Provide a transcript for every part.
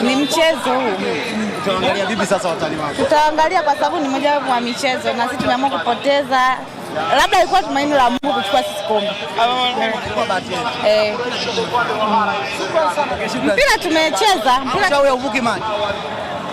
ni mchezo huu. Utaangalia vipi sasa watani wako? Tutaangalia kwa sababu ni moja wa michezo na sisi tumeamua kupoteza, labda ilikuwa tumaini la Mungu kuchukua sisi kombe. Eh, mpira tumecheza mpira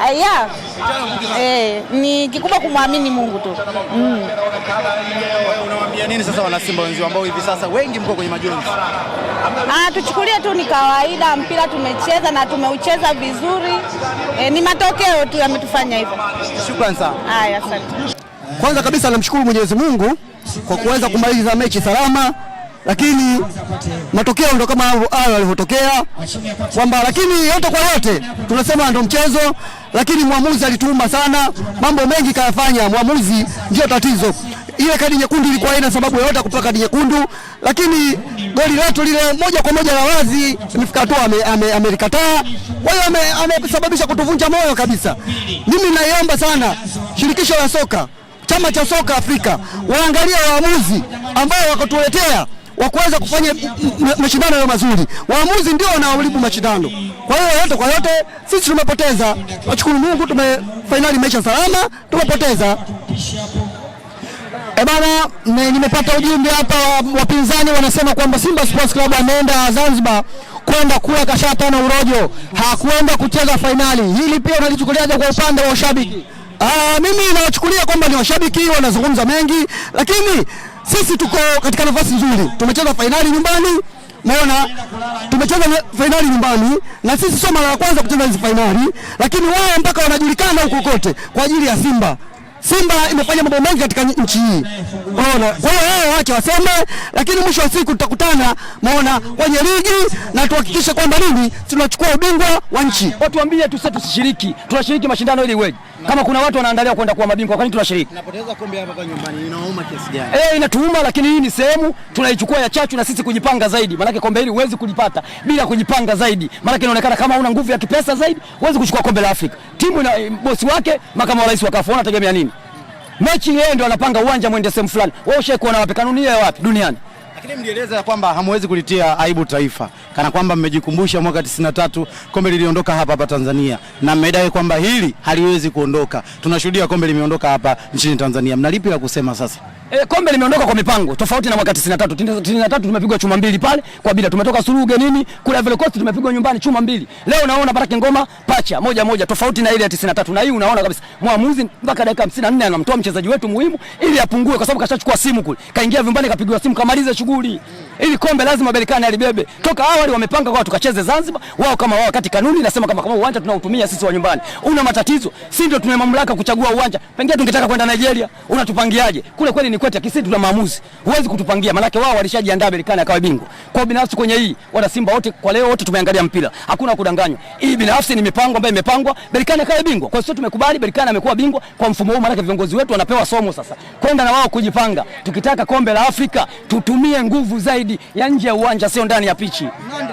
Aya, eh, eh, ni kikubwa kumwamini Mungu tu. Mm. unawaambia nini sasa wanasimba wenzio ambao hivi sasa wengi mko kwenye majonzi? Ah, tuchukulie tu ni kawaida, mpira tumecheza na tumeucheza vizuri. Eh, ni matokeo tu yametufanya hivyo. Shukrani sana. Aya, asante. Kwanza kabisa namshukuru Mwenyezi Mungu kwa kuweza kumaliza mechi salama lakini matokeo ndo kama hayo yalivyotokea, kwamba lakini yote kwa yote tunasema ndo mchezo, lakini mwamuzi alituuma sana, mambo mengi kayafanya mwamuzi, ndio tatizo. Ile kadi nyekundu ilikuwa haina sababu yoyote ya kutoa kadi nyekundu, lakini goli letu lile moja kwa moja la wazi imefika hatua amelikataa, kwa hiyo amesababisha ame kutuvunja moyo kabisa. Mimi naiomba sana shirikisho la soka, chama cha soka Afrika, waangalie waamuzi ambao wakotuletea wa kuweza kufanya mashindano yao mazuri. Waamuzi ndio wanaoharibu mashindano. Kwa hiyo yote kwa yote, sisi tumepoteza. Washukuru Mungu, tume fainali maisha salama, tumepoteza. E bana, nimepata ujumbe hapa, wapinzani wanasema kwamba Simba Sports Club ameenda Zanzibar kwenda kula kashata na urojo, hakuenda kucheza fainali. Hili pia unalichukuliaje kwa upande wa ushabiki? Aa, ah, mimi nawachukulia kwamba ni washabiki wanazungumza mengi, lakini sisi tuko katika nafasi nzuri, tumecheza fainali nyumbani Umeona, tumecheza fainali nyumbani, na sisi sio mara ya kwanza kucheza hizi fainali, lakini wao mpaka wanajulikana huko kote kwa ajili ya Simba. Simba imefanya mambo mengi katika nchi hii, umeona. Kwa hiyo wao waache waseme, lakini mwisho wa siku tutakutana, umeona, kwenye ligi na tuhakikishe kwamba nini tunachukua ubingwa wa nchi. Watuambie tu sisi tusishiriki, tunashiriki mashindano ili iweje? Kama kuna watu wanaandalia kwenda kuwa mabingwa, kwa nini tunashiriki? Napoteza kombe hapa kwa nyumbani, inauma kiasi gani? Eh, inatuuma, lakini hii ni sehemu tunaichukua ya chachu na sisi kujipanga zaidi, maanake kombe hili huwezi kulipata bila kujipanga zaidi, maanake inaonekana kama una nguvu ya kipesa zaidi huwezi kuchukua kombe la Afrika. Timu na eh, bosi wake makamu wa rais wa kafu, wanategemea nini? Mechi yeye ndio anapanga uwanja mwende sehemu fulani. Wewe ushaikuona wapi? Kanuni ya wapi duniani? Lakini mlieleza kwamba hamwezi kulitia aibu taifa kana kwamba mmejikumbusha mwaka 93 kombe liliondoka hapa hapa Tanzania, na mmedai kwamba hili haliwezi kuondoka. Tunashuhudia kombe limeondoka hapa nchini Tanzania, mnalipi la kusema sasa? E, kombe limeondoka kwa mipango tofauti na mwaka 93. 93 tumepigwa chuma mbili pale kwa bila tumetoka suruge nini? kule Ivory Coast tumepigwa nyumbani chuma mbili. Leo unaona Baraka Ngoma pacha moja moja tofauti na ile ya 93. Na hii unaona kabisa mwamuzi mpaka dakika 54 anamtoa mchezaji wetu muhimu ili apungue kwa sababu kashachukua simu kule. Kaingia vyumbani kapigwa simu kamaliza shughuli. Ili kombe lazima Berkane alibebe. Toka awali wamepanga kwa tukacheze Zanzibar wao kama wao kati kanuni nasema kama kama uwanja tunautumia sisi wa nyumbani. Una matatizo? Si ndio tuna mamlaka kuchagua uwanja. Pengine tungetaka kwenda Nigeria. Unatupangiaje? Kule kweli ni ni kwetu, kisi tuna maamuzi. Huwezi kutupangia, maanake wao walishajiandaa Berkane akawa bingwa. Kwa binafsi kwenye hii wana Simba wote kwa leo wote tumeangalia mpira. Hakuna kudanganywa. Hii binafsi ni mipango ambayo imepangwa, Berkane akawa bingwa. Kwa sio tumekubali Berkane amekuwa bingwa kwa mfumo huu, maanake viongozi wetu wanapewa somo sasa. Kwenda na wao kujipanga. Tukitaka kombe la Afrika tutumie nguvu zaidi ya nje ya uwanja sio ndani ya pichi. Nandi,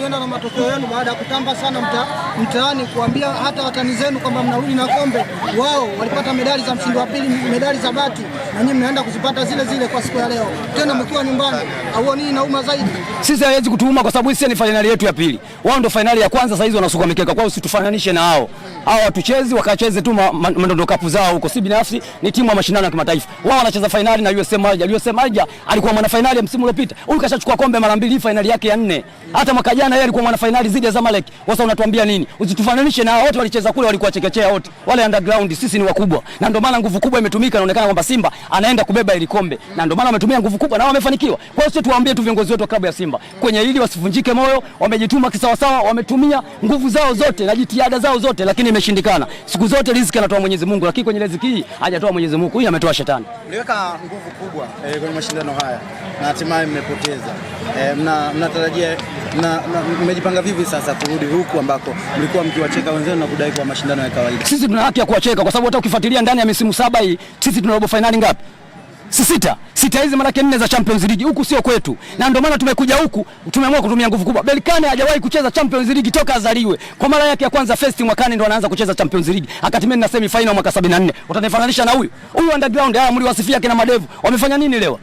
mlienda na matokeo yenu baada ya kutamba sana mta, mtaani kuambia hata watani zenu kwamba mnarudi na kombe. Wao walipata medali za mshindi wa pili, medali za bati, na nyinyi mnaenda kuzipata zile zile kwa siku ya leo, tena mkiwa nyumbani. Au nini nauma zaidi? Sisi hawezi kutuuma kwa sababu sisi ni fainali yetu ya pili, wao ndio fainali ya kwanza. Sasa hizo wanasuka mikeka kwao, usitufananishe na hao hao. Watuchezi wakacheze tu mandondo kapu zao huko, si binafsi ni timu ya mashindano ya kimataifa. Wao wanacheza fainali na USM Alger. USM Alger alikuwa mwana ya msimu uliopita, huyu kashachukua kombe mara mbili, fainali yake ya nne. Hata mwaka jana jana yeye alikuwa mwana finali zidi ya Zamalek. Sasa unatuambia nini? Usitufananishe na wote walicheza kule, walikuwa chekechea wote wale underground. Sisi ni wakubwa, na ndio maana nguvu kubwa imetumika. Inaonekana kwamba Simba anaenda kubeba ile kombe, na ndio maana wametumia nguvu kubwa na wamefanikiwa. Kwa hiyo sisi tuwaambie tu viongozi wetu wa klabu ya Simba kwenye hili wasivunjike moyo, wamejituma kisawa sawa, wametumia nguvu zao zote na jitihada zao zote, lakini imeshindikana. Siku zote riziki anatoa Mwenyezi Mungu, lakini kwenye riziki hii hajatoa Mwenyezi Mungu, Huyu ametoa shetani. Mliweka nguvu kubwa eh, kwenye mashindano haya na hatimaye mmepoteza. Eh, mnatarajia mna, mna, mna mmejipanga vipi sasa kurudi huku ambako mlikuwa mkiwacheka wenzenu na kudai kwa mashindano ya kawaida? Sisi tuna haki ya kuwacheka kwa sababu hata ukifuatilia ndani ya misimu saba hii sisi tuna robo finali ngapi? Si sita. Sita hizi maana nne za Champions League. Huku sio kwetu. Na ndio maana tumekuja huku, tumeamua kutumia nguvu kubwa. Belkane hajawahi kucheza Champions League toka azaliwe. Kwa mara yake ya kwanza first mwakani ndio anaanza kucheza Champions League. Akatimia na semi final mwaka 74. Utanifananisha na huyu? Huyu underground haya ah, mliwasifia kina Madevu. Wamefanya nini leo?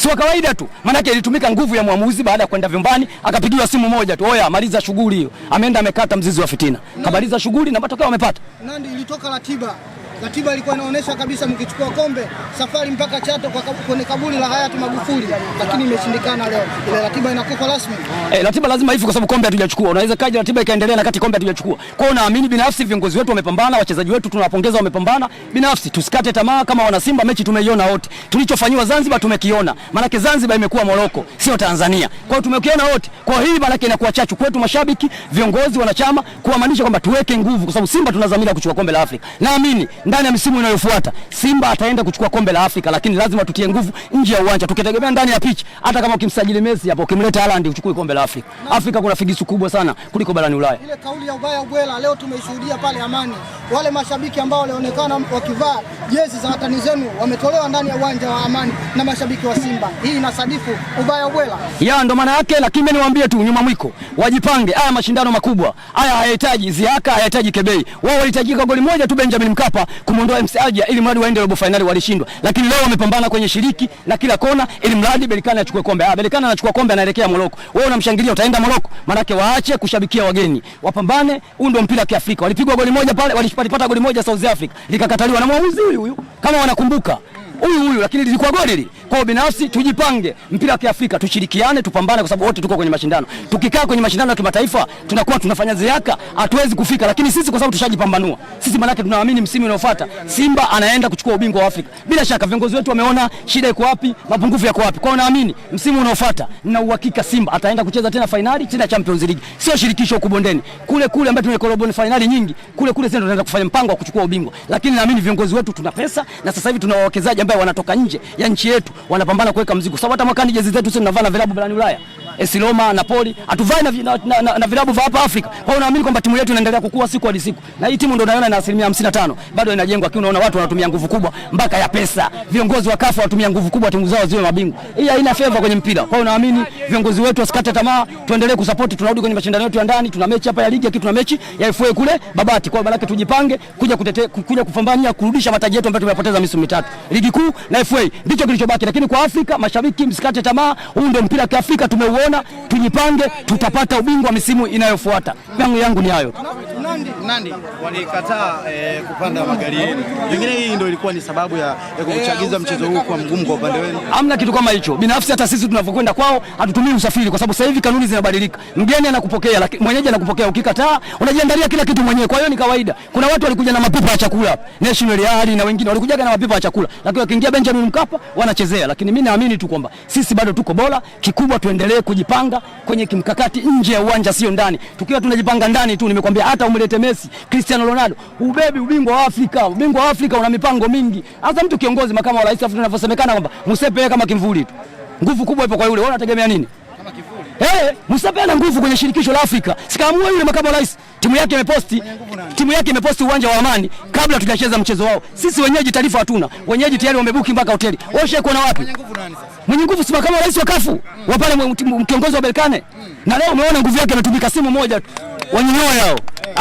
si wa kawaida tu, maanake ilitumika nguvu ya mwamuzi. Baada ya kwenda vyumbani, akapigiwa simu moja tu, oya, maliza shughuli hiyo. Ameenda amekata mzizi wa fitina, kabaliza shughuli na matokeo amepata. Nandi ilitoka ratiba Katiba ilikuwa inaonyesha kabisa mkichukua kombe safari mpaka Chato kwenye kaburi la hayati Magufuli, lakini imeshindikana leo. Ile ratiba inakufa rasmi. Eh, ratiba lazima ifu kwa sababu kombe hatujachukua. Unaweza kaja ratiba ikaendelea na kati kombe hatujachukua. Kwa hiyo naamini binafsi viongozi wetu wamepambana, wachezaji wetu tunawapongeza, wamepambana. Binafsi tusikate tamaa kama wana Simba, mechi tumeiona wote. Tulichofanywa Zanzibar tumekiona. Maana yake Zanzibar imekuwa Moroko, sio Tanzania. Kwa hiyo tumekiona wote. Kwa hiyo hii maana inakuwa chachu kwetu mashabiki, viongozi, wanachama kuamaanisha kwamba tuweke nguvu kwa sababu Simba tunazamira kuchukua kombe la Afrika. Naamini ndani ya msimu inayofuata Simba ataenda kuchukua kombe la Afrika, lakini lazima tutie nguvu nje ya uwanja, tukitegemea ndani ya pitch. Hata kama ukimsajili Messi hapo, ukimleta Haaland, uchukue kombe la Afrika. Afrika kuna figisu kubwa sana kuliko barani Ulaya. Ile kauli ya ubaya ubwela leo tumeishuhudia pale Amani, wale mashabiki ambao walionekana wakivaa jezi za watani zenu wametolewa ndani ya uwanja wa Amani na mashabiki wa Simba. Hii inasadifu ubaya ubwela ya ndo maana yake, lakini mimi niwaambie tu nyuma mwiko wajipange. Haya mashindano makubwa haya hayahitaji ziaka, hayahitaji kebei, wao walihitajika goli moja tu Benjamin Mkapa kumwondoa MC Alger ili mradi waende robo finali, walishindwa. Lakini leo wamepambana kwenye shiriki na kila kona, ili mradi Berkane achukue kombe. Ah, Berkane anachukua kombe, anaelekea Morocco. Wewe unamshangilia, utaenda Morocco? Maanake waache kushabikia wageni, wapambane. Huu ndio mpira wa Kiafrika. Walipigwa goli moja pale, walipata goli moja South Africa, likakataliwa na mwamuzi huyu huyu, kama wanakumbuka, huyu huyu, lakini lilikuwa goli lile kwa binafsi tujipange, mpira wa Kiafrika tushirikiane, tupambane, kwa sababu wote tuko kwenye mashindano. Tukikaa kwenye mashindano ya kimataifa tunakuwa tunafanya ziaka, hatuwezi kufika, lakini sisi kwa sababu tushajipambanua sisi, maanake tunaamini msimu unaofuata Simba anaenda kuchukua ubingwa wa Afrika. Bila shaka viongozi wetu wameona shida iko wapi, mapungufu yako wapi. Kwa naamini msimu unaofuata na uhakika Simba ataenda kucheza tena fainali tena Champions League, sio shirikisho huko bondeni kule kule, ambapo tumekoroboni fainali nyingi kule kule, sasa tunaenda kufanya mpango wa kuchukua ubingwa, lakini naamini viongozi wetu tuna pesa na sasa hivi tuna wawekezaji ambao wanatoka nje ya nchi yetu wanapambana kuweka mzigo. Sababu hata mwakani jezi zetu sisi tunavaa na vilabu barani Ulaya AS Roma, Napoli, atuvai na, na, na, na, na vilabu vya hapa Afrika. Kwa hiyo naamini kwamba timu yetu inaendelea kukua siku hadi siku, na hii timu ndio naiona ina asilimia 55 bado inajengwa, lakini unaona watu wanatumia nguvu kubwa mpaka ya pesa, viongozi wa CAF wanatumia nguvu kubwa timu zao ziwe mabingwa. Hii haina favor kwenye mpira. Kwa hiyo naamini viongozi wetu wasikate tamaa, tuendelee kusupport. Tunarudi kwenye mashindano yetu ya ndani, tuna mechi hapa ya ligi, lakini tuna mechi ya FA kule Babati. Kwa hiyo baraka, tujipange kuja kutetea, kuja kupambania kurudisha mataji yetu ambayo tumepoteza misimu mitatu, ligi kuu na FA, ndicho kilichobaki. Lakini kwa Afrika mashabiki, msikate tamaa, huu ndio mpira wa Afrika tumeuona tunaelewana, tujipange, tutapata ubingwa misimu inayofuata. Yangu yangu ni hayo. Nandi Nandi walikataa eh, kupanda magari yenu. Pengine hii ndio ilikuwa ni sababu ya, ya kuchagiza mchezo huu kwa mgumu kwa upande wenu. Hamna kitu kama hicho. Binafsi hata sisi tunavyokwenda kwao hatutumii usafiri kwa sababu sasa hivi kanuni zinabadilika. Mgeni anakupokea, lakini mwenyeji anakupokea, ukikataa unajiandalia kila kitu mwenyewe. Kwa hiyo ni kawaida. Kuna watu walikuja na mapipa ya chakula, National Yard na wengine walikuja na mapipa ya chakula. Lakini wakiingia Benjamin Mkapa wanachezea. Lakini mimi naamini tu kwamba sisi bado tuko bora, kikubwa tuendelee kujipanga kwenye kimkakati nje ya uwanja sio ndani. Tukiwa tunajipanga ndani tu nimekwambia hata umlete mlete Messi, Cristiano Ronaldo, ubebi ubingwa wa Afrika. Ubingwa wa Afrika una mipango mingi, hasa mtu kiongozi makama wa rais, Afrika anavyosemekana kwamba Musepe kama kimvuli tu, nguvu kubwa ipo kwa yule. Wewe unategemea nini? Kama kivuli. Eh, Hey, Musepe ana nguvu kwenye shirikisho la Afrika. Sikamua yule makamu wa rais. Timu yake imeposti. Timu yake imeposti uwanja wa Amani kabla tujacheza mchezo wao. Sisi wenyeji taarifa hatuna. Wenyeji tayari wamebuki mpaka hoteli. Wewe kuna wapi? Mwenye nguvu nani sasa? Mwenye nguvu si makamu wa rais wa kafu mm. wa pale kiongozi wa Berkane. Mm. Na leo umeona nguvu yake imetumika simu moja tu. Wanyonyoa yao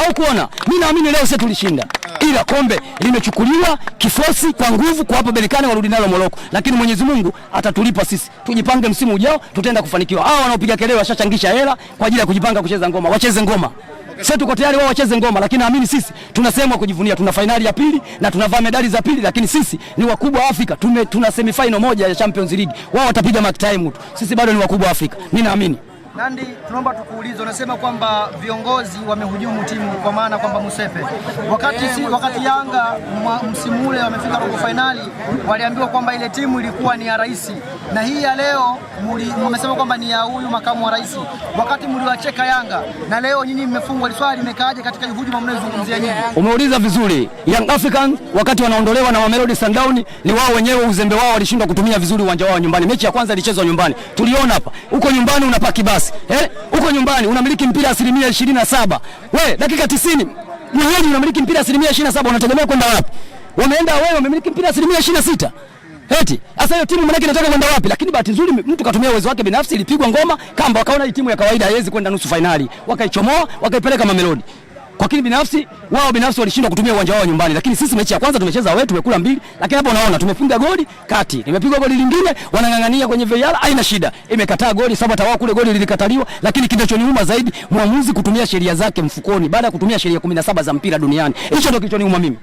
au kuona, mimi naamini leo sisi tulishinda, ila kombe limechukuliwa kifosi kwa nguvu, kwa hapa Berkane warudi nalo Moroko, lakini Mwenyezi Mungu atatulipa sisi. Tujipange, msimu ujao tutaenda kufanikiwa. Hao wanaopiga kelele washachangisha hela kwa ajili ya kujipanga kucheza ngoma, wacheze ngoma. Sasa tuko tayari, wao wacheze ngoma, lakini naamini sisi tuna sehemu ya kujivunia. Tuna fainali ya pili na tunavaa medali za pili, lakini sisi ni wakubwa Afrika. Tume, tuna semifinal moja ya Champions League, wao watapiga mark time tu, sisi bado ni wakubwa Afrika, mimi naamini. Nandi, tunaomba tukuulize, unasema kwamba viongozi wamehujumu timu kwa maana kwamba Musepe wakati, si, wakati Yanga msimu ule wamefika robo fainali waliambiwa kwamba ile timu ilikuwa ni ya rais, na hii ya leo mmesema kwamba ni ya huyu makamu wa rais, wakati mliwacheka Yanga na leo nyinyi mmefungwa. Swali limekaaje katika hujuma mnayozungumzia nyinyi? Umeuliza vizuri. Young Africans wakati wanaondolewa na Mamelodi Sundowns, ni wao wenyewe uzembe wao, walishindwa kutumia vizuri uwanja wao nyumbani. Mechi ya kwanza ilichezwa nyumbani, tuliona hapa. Huko nyumbani unapaki basi nafasi eh? Uko Nyumbani unamiliki mpira asilimia ishirini na saba we dakika tisini mahali unamiliki mpira asilimia ishirini na saba unategemea kwenda wapi? Wameenda wewe, wamemiliki mpira asilimia ishirini na sita Eti sasa hiyo timu manake inataka kwenda wapi? Lakini bahati nzuri mtu katumia uwezo wake binafsi, ilipigwa ngoma kamba, wakaona hii timu ya kawaida haiwezi kwenda nusu fainali, wakaichomoa wakaipeleka Mamelodi kwa kini binafsi wao binafsi walishindwa kutumia uwanja wao nyumbani, lakini sisi mechi ya kwanza tumecheza wetu, tumekula mbili, lakini hapo unaona tumefunga goli kati, nimepigwa goli lingine, wanang'ang'ania kwenye VAR, haina shida, imekataa goli sababu hata wao kule goli lilikataliwa. Lakini kinachoniuma zaidi mwamuzi kutumia sheria zake mfukoni baada ya kutumia sheria 17 za mpira duniani, hicho ndio kilichoniuma mimi.